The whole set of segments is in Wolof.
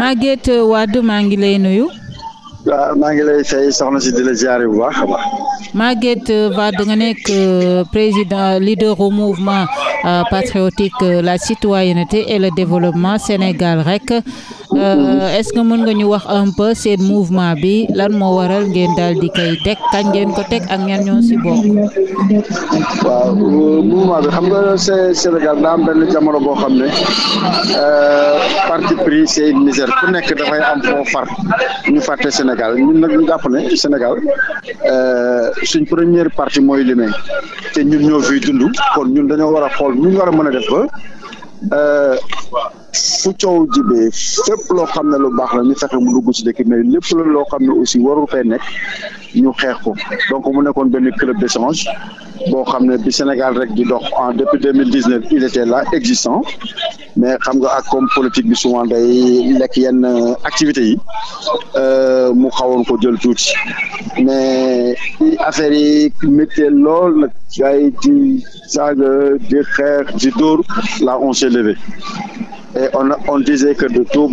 Maguette euh, Wade maa ngi lay nuyu. waaw maa ngi lay fay si di la ziare bu baax a baax. Maguette euh, Wade nga nekk euh, président leader au mouvement patriotique la citoyenneté et le développement Sénégal rek. Euh, est-ce que mën nga ñu wax un peu seen mouvement bi lan moo waral ngeen daal di koy teg kañ ngeen ko teg ak ngeen ñoo si bokk. waaw mouvement bi xam nga Sénégal daa am benn jamono boo xam ne euh, parti pris c'est une misère ku nekk dafay am foo far ñu fàtte Sénégal ñun nag ñu jàpp ne Sénégal euh, suñ première parti mooy limee te ñun ñoo fi dund kon ñun dañoo war a xool ñu war a mën a def ba. fu coow jibee fépp loo xam ne lu baax la ñu fexe mu dugg ci dëkk mais lépp la loo xam ne aussi warul fee nekk ñu xeex ko donc mu nekkoon benn club d'échange boo xam ne bi Sénégal rek di dox en depuis deux mille dix neuf il était là existant mais xam nga ak comme politique bi souvent day lekk yenn activités yi euh, mu xawon ko jël tuuti mais affaire yi métier lool nag gars yi di saaga di xeex di dóor la on s'est levé et on on disait que de tout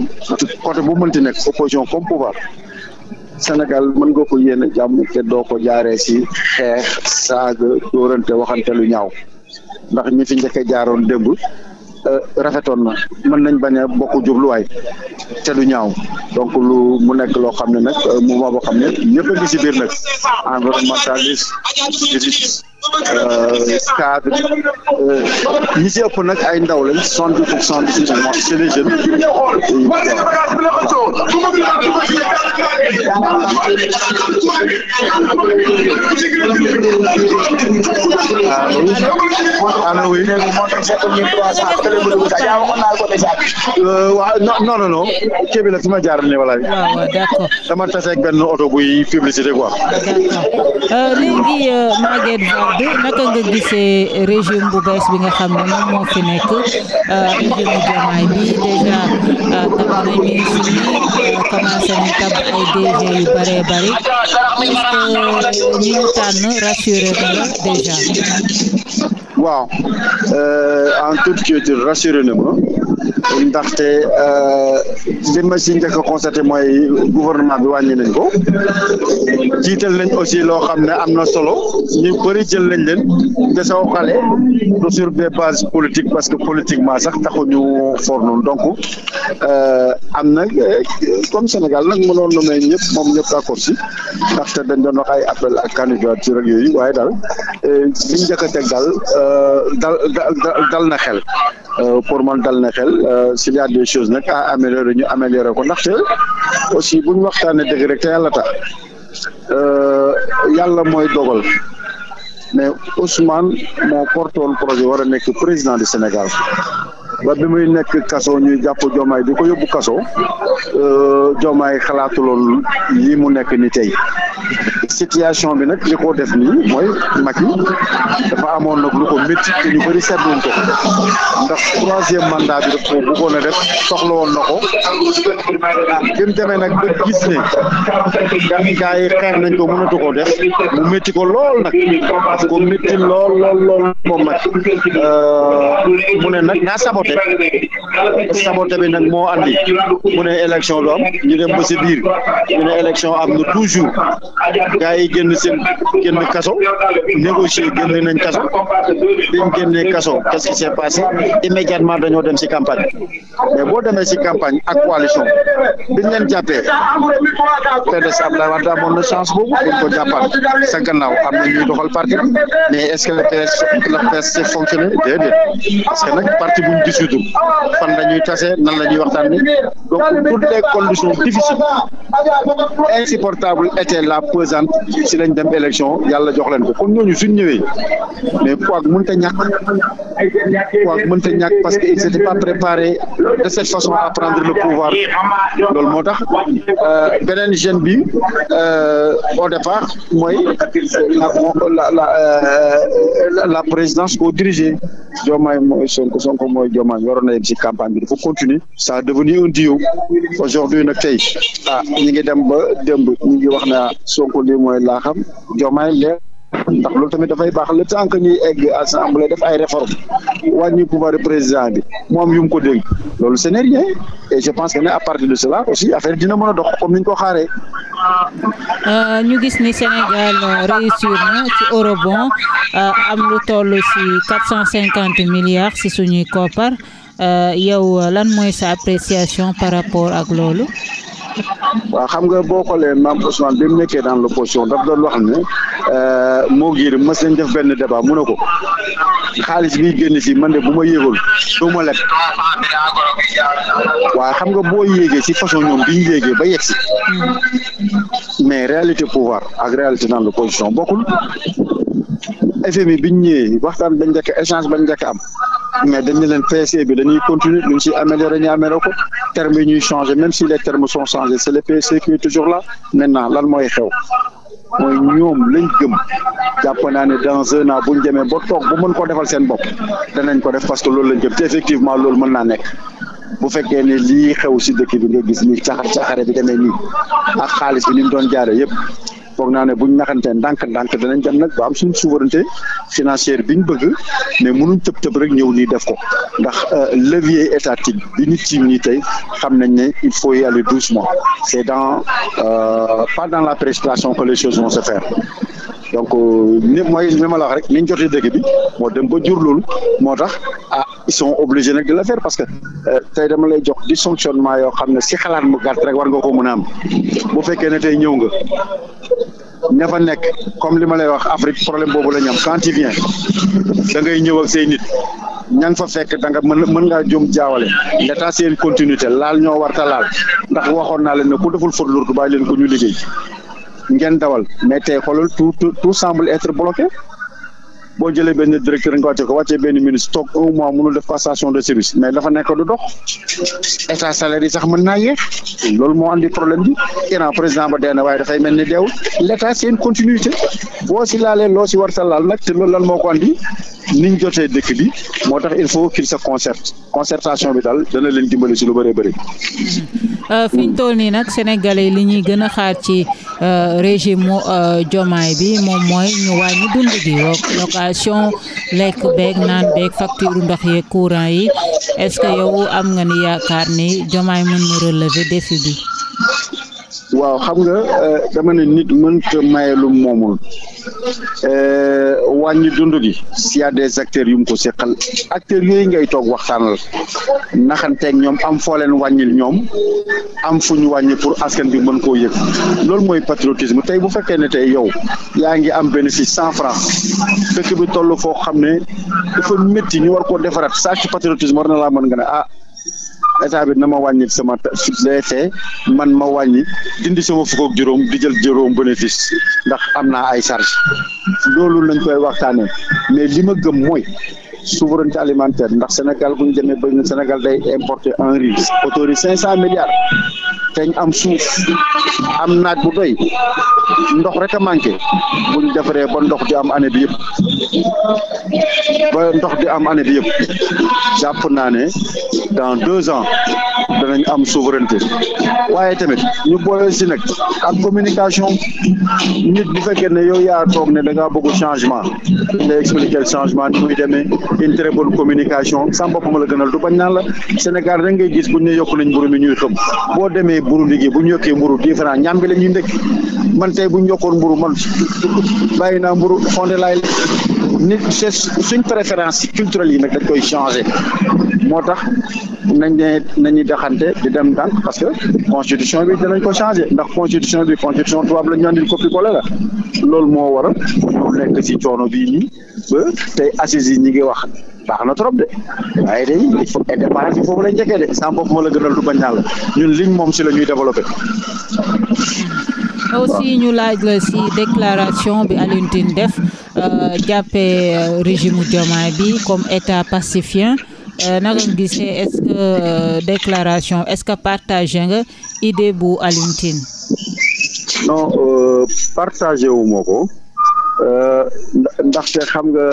côté bu mënti nekk opposition comme pouvoir Sénégal mën nga ko yéene jàmm te doo ko jaaree si xeex saaga dóorante waxante lu ñaaw ndax ñi fi njëkk jaaroon démb euh, rafetoon na mën nañ bañ a bokk jubluwaay te lu ñaaw donc lu mu nekk loo xam ne nag euh, mouvement boo xam ne ñëpp a ngi si biir nag environnementaliste Euh, cadre euh, ñi ci ëpp nag ay ndaw lañ soixante dix pour cent ci c'est les jeunes allo ah oui euh, waaw non non non kii bi la fi ma jaar ni walaay ah, d'accord dama benn oto buy publicité quoi léegi Maguette bi naka nga gisee régime bu bees bi nga xam ne moom moo fi nekk euh, régime bu Diomaye déjà euh, tab nañ ministre yi euh, commencé tab ay DG yu bëree bëri est-ce tànn rassuré déjà waaw ndaxte euh, li ma si njëkk mooy gouvernement bi wàññi nañ ko jiital nañ aussi loo xam ne am na solo ñu bëri jël nañ leen te soo xale du sur des bases parce que politiquement sax taxu ñu for noonu donc euh, am na euh, comme Sénégal nag mënoon na may ñëpp moom ñëpp d'accord si ndaxte dañ doon wax ay appel ak candidature ak yooyu waaye daal liñ njëkk a teg daal dal dal na xel pour man dal na xel. Euh, s'il y a des choses nag à améliorer ñu améliorer ko ndaxte aussi bu ñu waxtaanee dëgg rek te yàlla tax euh, yàlla mooy dogal mais Ousmane moo portoon projet war a nekk président du Sénégal. ba bi muy nekk kaso ñuy jàpp Diomaye di ko yóbbu kaso Diomaye xalaatuloon yi mu nekk ni tey situation bi nag li ko def nii mooy Macky dafa amoon nag lu ko métti te ñu bëri seetluñ ko bi daf ko soxla woon na ko bi mu demee nag ba gis yi xeer nañ ko mënatu ko def ko lool nag parce que lool lool lool moom Macky mu ne nag naa sabot saboté saboté bi nag moo andi mu ne élection du am ñu dem ba ne élection am na toujours gars yi génn seen génn kaso négocier génn nañ kaso biñ génne kaso qu'est-ce qui s'est passé immédiatement dañoo dem si campagne mais boo demee si campagne ak coalition biñ leen jàppee PDS Abdoulaye Wade moon na chance boobu buñ ko jàppaat sa gannaaw am na ñuy doxal parti bi mais est-ce que le PS le PS c'est fonctionné parti buñ gis suivre fan la ñuy tase nan la ñuy waxtaanee donc toutes les conditions difficiles insupportables étaient là pesante si lañ dem élection yàlla jox leen ko kon ñooñu suñ ñëwee mais quoi que mënta ñàkk quoi que mënta ñàkk parce que ils n'étaient pas préparés de cette façon à prendre le pouvoir loolu moo tax euh, beneen jeune bi euh, au départ mooy la la la euh, présidence ko dirigé Diomaye mooy Sonko Sonko mooy Diomaye gouvernement yoroon na yéen ci campagne bi dafa continuer ça a devenu un duo aujourd'hui nag tey a ah, ñi ngi dem ba démb ñi ngi wax na Sonko lii mooy laa xam Diomaye leer ndax loolu tamit dafay baax le temps que ñuy egg assemblée def ay réformes pouvoir président bi moom yu mu ko dénk loolu c'est rien je pense que ne à partir de cela aussi affaire dina mën a dox comme ni ñu ko xaaree. Euh, ñu gis ni Sénégal euh, réussir na ci eurobon euh, am lu toll ci quatre cent cinquante milliards ci suñuy koppar yow lan mooy sa appréciation par rapport ak loolu. waaw xam nga boo xoolee maam Ousmane bi mu nekkee dans l'opposition daf doon wax ne euh, moo giir mës nañ def benn débat mu ne ko xaalis bi génn si man de bu ma yéegul du ma lekk xam nga boo yéegee si façon ñoom bi ñu ba yegg si mais réalité pouvoir ak réalité dans l'opposition bokkul FMI bi ñu ñëwee waxtaan bañ njëkk échange ba njëkk am mais dañ ne leen PSE bi dañuy continuer luñ ci améliorer ñu améliorer ko termes yi ñuy changer même si les termes son changés c'est le PSE qui est toujours là maintenant lan mooy xew mooy ñoom lañ gëm jàpp naa ne dans un bu ñu demee ba toog bu mën ko defal seen bopp danañ ko def parce que loolu lañ gëm te effectivement loolu mën naa nekk. bu fekkee ne lii xew si dëkk bi nga gis ni caxar caxare bi demee ni ak xaalis bi ni doon jaaree yëpp foog naa ne buñ naxantee ndànk-ndànk danañ dem nag ba am suñu souveraineté financière bi ñu bëgg mais mënuñ tëb tëb rek ñëw nii def ko ndax euh, levier étatique bi ñu tiim nii tey xam nañ ne il faut y aller doucement c'est dans euh, pas dans la précipitation que les choses vont se faire. donc euh, ni mooy wax rek niñ jotee dëkk bi moo dem ba jur loolu moo tax ah, ils sont obligés nag la faire parce que euh, tey dama lay jox dysfonctionnement yoo xam ne si xalaat mu gàtt rek war nga ko mën a am bu fekkee ne tey ñëw nga ña fa nekk comme li ma lay wax Afrique problème boobu la ñu am quand il vient da ngay ñëw ak say nit ña nga fa fekk da nga mën mën ngaa jom jaawale l'état seen continuité laal ñoo warta laal ndax waxoon naa leen ne ku deful faute lourde bàyyi leen ko ñu liggéey ngeen dawal mais tey xoolal tout tout semble être bloqué. boo jëlee benn directeur nga wàcce ko wàccee benn ministre toog un mois def passation de service mais dafa nekk du dox état salaire yi sax mën naa yéex loolu moo andi problème bi Iran président ba dee waaye dafay mel ni deewul l' état c' continuité boo si laalee loo si war a laal nag te loolu lan moo ko andi ni jotee dëkk bi moo tax il faut qu'il sa concerte concertation bi daal dana leen dimbali si lu bëree bëri. Euh, fi ñu toll nii nag sénégalais li ñuy gën a xaar ci euh, régime mu euh, Diomaye bi moom mooy inflation lekk beeg naan beeg facture ndox yee courant yi est-ce que yow am nga ni yaakaar ni Diomaye mën na relever défi bi waaw xam nga euh, dama ne nit mënta maye lu moomul euh, wàññi dund gi s'il a des acteurs yu mu ko seqal acteurs yooyu ngay toog waxtaanal naxanteeg ñoom am foo leen ñoom am fu ñu wàññi pour askan bi mën koo yëg loolu mooy patriotisme tey bu fekkee ne tey yow yaa ngi am bénéfice cent francs dëkk bi toll foo xam ne dafa métti ñu war koo defaraat saa ci patriotisme war na laa mën nga ne ah état bi na ma wàññil sama DT man ma wàññi dindi sama fukk ak juróom di jël juróom bénéfice ndax am naa ay charge loolu lañ koy waxtaanee mais li ma gëm mooy souveraineté alimentaire ndax Sénégal bu ñu demee ba ñu Sénégal day importer en riz autour de cinq cent milliards te am suuf am naaj bu doy ndox rek a manqué bu ñu defaree ba ndox di am année bi yëpp ba ndox di am année bi yëpp jàpp naa ne dans deux ans danañ am souveraineté waaye tamit ñu boole si nag ak communication nit bu fekkee ne yow yaa toog ne da ngaa bëgg changement ngay expliquer changement ni muy demee une très bonne communication sam bopp la gënal du bañ naan la Sénégal da ngay gis bu ne yokk nañ mburu mi ñuy xëm boo demee mburu liggéey bu ñu yokkee mburu dix francs ñaam bi la ñuy ndëkk man tey bu ñu yokkoon mburu man bàyyi naa mburu fonde laay nit c'est suñ préférence culturelle yi nag dañ koy changer moo tax nañ ne nañuy doxante di dem ndànk parce que constitution bi dinañ ko changé ndax constitution bi constitution tubaab la ñu andil copie collé loolu moo waral ñu nekk ci coono bii nii ba tey assises ngi wax baax na trop de waaye day il foofu lay njëkkee de sans bopp moo la gënal du bañ la ñun liñ moom si la ñuy développé. aussi ñu laaj la si déclaration bi Alioune Tine def euh, jàppee euh, régime Diomaye bi comme état pacifien Euh, na nga gisee euh, déclaration est-ce que partagé nga idée bu Alioune Tine non euh, partagé wu ma ko Euh, ndaxte xam nga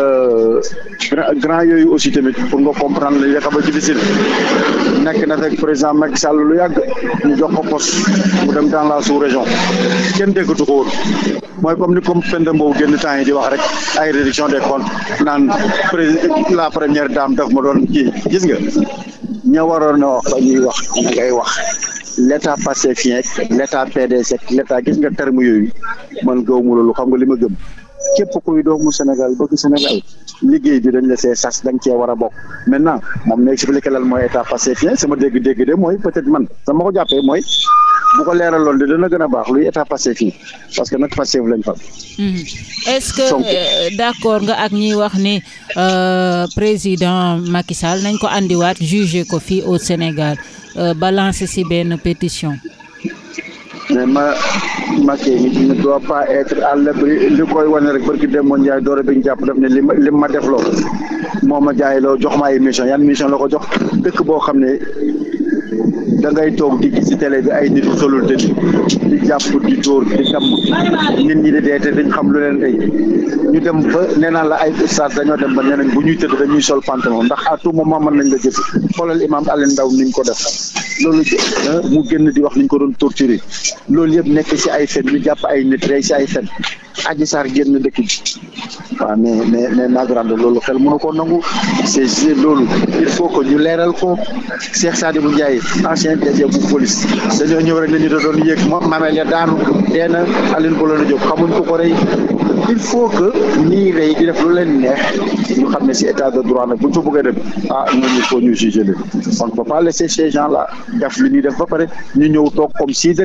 grand yooyu aussi tamit pour nga comprendre li nga xam ne difficile nekk na rek président Macky Sall lu yàgg ñu jox ko poste mu dem dans la sous-région kenn déggatu ko woon mooy comme ni comme Penda Mbow génn temps yi di wax rek ay réduction des comptes naan la première daam daf ma doon kii gis nga ña waroon na wax la ñuy wax na ngay wax l'état passé fii ak l'état PDS ak l'état gis nga terme yooyu man gëw mu loolu xam nga li ma gëm képp kuy doomu Sénégal bëgg Sénégal liggéey bi dañ la see sas da nga cee war a bokk maintenant moom na expliqué lan mooy état pastefien sama dégg-dégg de mooy peut-être man sama ko jàppee mooy bu ko leeraloon de dana gën a baax luy état Pastef fii parce que nag Pastef lañ fal. Mm-hmm. est-ce que euh, d'accord nga ak ñiy wax ni euh, président Macky nañ ko andiwaat jugé ko fii au Sénégal euh, ci benn pétition. mais ma Macky il ne doit pas être à l'abri li koy wane rek barki Demba Ndiaye doore bi ñu jàpp daf ne li ma li ma def loo moom ma jaay loo jox ma ay mission yan mission la ko jox dëkk boo xam ne da ngay toog di gis ci télé bi ay nit solul te di jàpp di dóor di damm nit ñi di dee te dañ xam lu leen ay ñu dem ba nee naa la ay ustaas dañoo dem ba nee nañ bu ñuy tëdd dañuy sol pantalon ndax à tout moment mën nañ la jëf xoolal imaam Alioune ndaw ni ñu ko def loolu mu génn di wax ni ñu ko doon torturer loolu yëpp nekk ci ay fen ñu jàpp ay nit rey ci ay fen Adji Sarr génn na bi waaw mais mais mais Maguette loolu xel mënu ko nangu se c'est loolu il faut que ñu leeral ko Cheikh bu njaay ancien DG bu police dañoo ñëw rek la ñu doon yëg mamel ya daanu dee na Aline Bolola Diop xamuñ ko ko rey il faut que ñii rey di def lu leen neex ñu xam ne si état de droit nag bu ñu fa bëggee dem ah ñun il faut ñu juger leen on ne peut pas laisser ces gens là def lu ñuy def ba pare ñu ñëw toog comme si de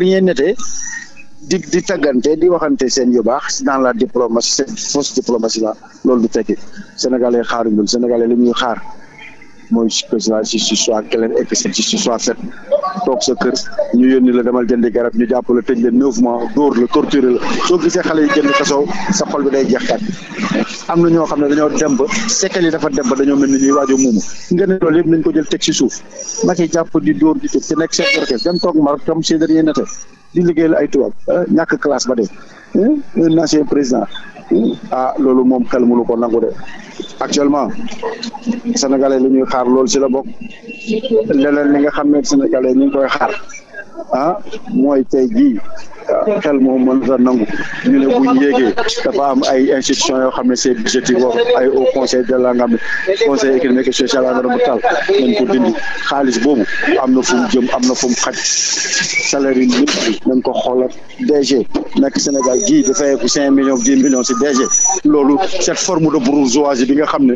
di di taggante di waxante seen yu baax dans la diplomatie seen fausse diplomatie la loolu du tekki sénégalais xaaruñ loolu sénégalais li ñuy xaar mooy que la justice soit claire et que cette justice soit faite toog sa kër ñu la demal jëndi garab ñu jàpp la tëj la neuf mois dóor la torturer la soo gisee xale yi jënd kaso sa xol bi day jeex tàkk am na ñoo xam ne dañoo dem ba sekkal yi dafa dem ba dañoo mel ni ñuy waajo muumu nga loolu yëpp nañ ko jël teg ci suuf ma koy jàpp di dóor di tëj te nekk chef d'orchestre dem toog Maroc tam di la ay tubaab ah, ñàkk classe ba de un ancien président ah loolu moom xel mu ko nangu de actuellement sénégalais li ñuy xaar loolu ci la bokk leneen li nga xam ne sénégalais ñu ngi koy xaar ah mooy tey jii ah, xel moom mën sa nangu ñu ne bu ñu yéegee dafa am ay institution yoo xam ne c'est budgétaire war ay au conseil de la nga xam ne conseil économique et social environnemental nañ ko dindi xaalis boobu am na fu mu jëm am na fu mu xaj salaire yi ñëpp nañ ko xoolal DG nekk Sénégal gii dafay ku cinq millions dix millions si DG loolu cette forme de bourgeoisie bi nga xam ne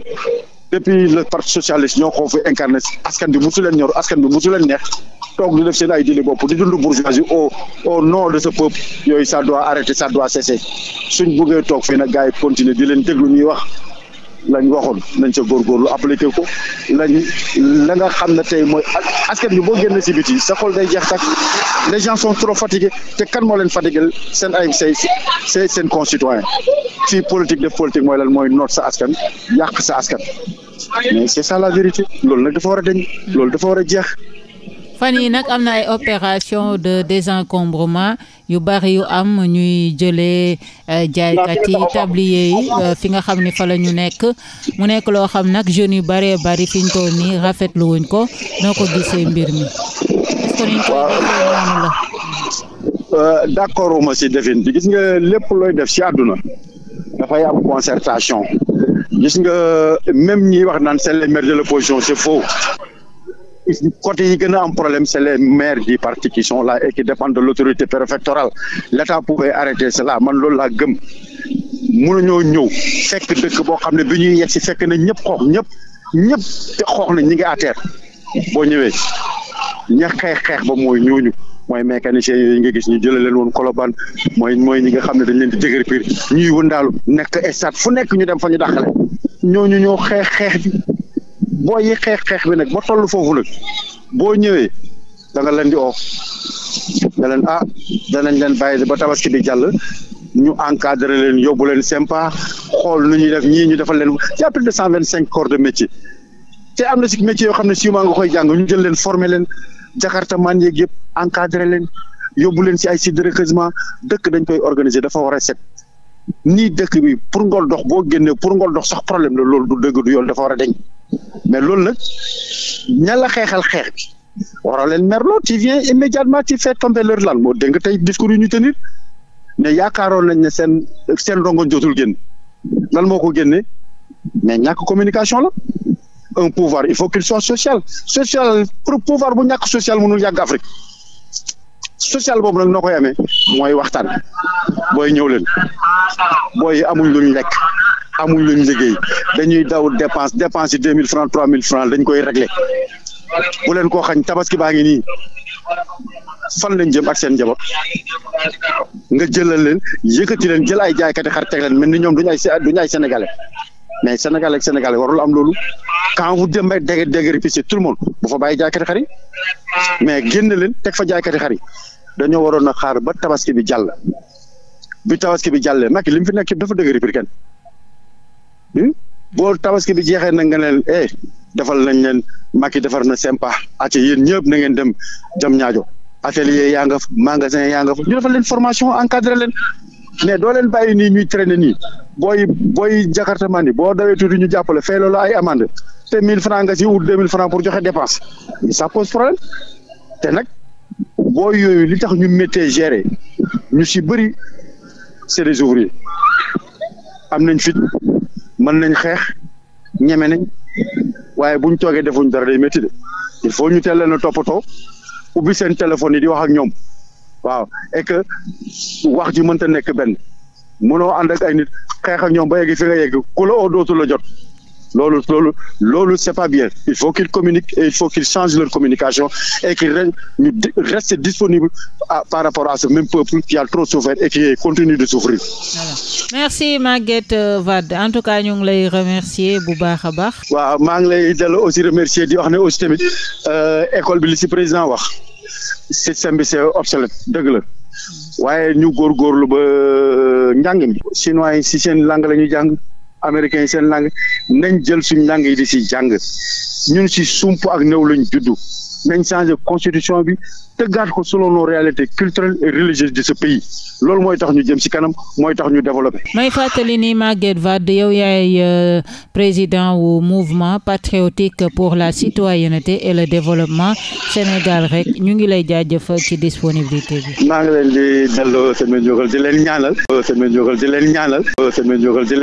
depuis le parti socialiste ñoo ko fi incarné askan bi musu leen ñor askan bi musu leen neex toog di def seen ay jëli bopp di dund bourgeoisie o au nom de ce peuple yooyu ça doit arrêter ça doit cesser suñ buggee toog fii nag gars yi continuer di leen déglu ñuy wax lañ waxoon nañ sa góorgóorlu appliqué ko lañ la nga xam ne tey mooy askan bi boo génn si biti sa xol day jeex tak les gens sont trop fatigués te kan moo leen fatigué seen ay say say seen concitoyen fii politique de politique mooy lan mooy noot sa askan yàq sa askan mais c'est ça la vérité loolu war a deñ loolu dafa war a jeex fan yi nag am na ay operation de désencombrement yu bari yu am ñuy jëlee euh, jaaykat yi tablier yi euh, fi nga xam ni fa la ñu nekk mu nekk loo xam nag jeunes yu bëree bari fi ñu toll nii rafetlu ko noo ko gisee mbir mi est-ce que niñ ko euh, si defin bi gis nga lépp looy def si àdduna dafay am concertation gis nga même ñi wax naan c'est les maires de l'opposition c'est faux coté yi gën a am problème c'est les maires du parti qui sont là et qui dépendent de l'autorité préfectorale l'État pouvait arrêter cela man loolu laa gëm mënuñoo ñëw fekk dëkk boo xam ne bi ñuy si fekk na ñëpp xoox ñëpp ñëpp te xoox na ñi ngi boo ñëwee ña xeex xeex ba mooy ñooñu mooy mécanicien yooyu nga gis ñu jëlee leen woon Colobane mooy mooy ñi nga xam ne dañ leen di jëgër piir ñuy daal nekk stade fu nekk ñu dem fa ñu dàqale ñooñu ñoo xeex xeex bi boo yi xeex xeex bi nag ba toll foofu nag boo ñëwee danga nga leen di o ne leen ah danañ leen bàyyi ba tabaski di jàll ñu encadré leen yóbbu leen sympa xool nu ñuy def ñii ñu defal leen a plus de cent vingt cinq corps de métier te am na si métier yoo xam ne si maa nga koy jàng ñu jël leen former leen jakarta man yeeg yëpp encadré leen yóbbu leen si ay si de recrutement dëkk dañ koy organiser dafa war a set nii dëkk bi pour ngol dox boo génnee pour ngol dox sax problème la loolu du dëgg du yoon dafa war a deñ mais loolu nag ña la xeexal xeex bi waroo leen merloo tu viens immédiatement tu fais tomber leur lal moo dégg nga tey discours yu ñu tenir mais yaakaaroon nañ ne seen seen rongoñ jotul génn lan moo ko génnee mais ñàkk communication la un pouvoir il faut qu'il soit social social pour pouvoir bu ñàkk sociale mënul yàgg Afrique social boobu nag noo koy amee mooy waxtaan booy ñëw leen booy amuñ luñ lekk amuñ lu ñu dañuy daw dépense dépense yi deux mille francs trois mille francs dañ koy régler bu leen koo xañ tabaski baa ngi nii fan lañ jëm ak seen njaboot nga jëlal leen yëkkati leen jël ay jaaykati xar teg leen mel ni ñoom duñu ay duñu ay sénégalais mais sénégalais ak sénégalais warul am loolu quand vous demee dégg dégg répété tout le monde bu fa bàyyi jaaykati xar yi mais génn leen teg fa jaaykati xar yi dañoo waroon a xaar ba tabaski bi jàll bi tabaski bi jàllee nag li mu fi nekk dafa dëgg ripir Hmm? boo tabaski bi jeexee na nga leen eh defal nañ leen Macky defar na sempa aca yéen ñëpp na ngeen dem jam ñaajo atelier yaa nga fa magasin yaa nga ñu defal leen formation encadré leen mais dooleen leen bàyyi nii ñuy traîner nii booy booy jakartaman yi boo dawee tuuti ñu jàppale fay loolu ay amende te mille francs nga si ou deux mille pour joxe dépense ça pose problème te nag booy yooyu li tax ñu méttee gere ñu si bëri c'est des ouvriers am nañ fit mën nañ xeex ñeme nañ waaye buñ toogee defuñ dara day métti de il faut ñu teel leen a toppatoo ubbi seen téléphone yi di wax ak ñoom waaw ek que wax ji mënta nekk benn mënoo ànd ak ay nit xeex ak ñoom ba yegg fi nga yegg ku la jot loolu loolu loolu c'est pas bien il faut qu'ils communiquent et leur communication et qu'ils ñu restent disponibles à, par rapport à ce même peuple qui a trop souffert et qui continue de souffrir. voilà merci Maguette Wade en tout cas ñu ngi lay remercier bu baax a baax. waa maa ngi lay delloo aussi remercier di wax ne aussi tamit euh, école bi li ci président wax système bi c'est obsolète dëgg la. Hmm. waaye ñu góorgóorlu ba euh, njàng mi. chinois yi si seen langue la ñuy jàng. américains yi seen langue nañ jël suñ langue yi di si jàng ñun si sump ak néew lañ juddu nañ changer constitution bi tëggaat ko selon nos réalités culturelles et religieuses de ce pays lool mooy tax ñu jëm ci kanam mooy tax ñu développé. may fàttali ni Maguette Wade yow yaay euh, président wu mouvement patriotique pour la citoyenneté et le développement Sénégal rek ñu ngi lay jaajëfal ci disponibilité bi. maa ngi leen di delloo semaine jógal di leen ñaanal. semaine jógal di leen semaine di leen.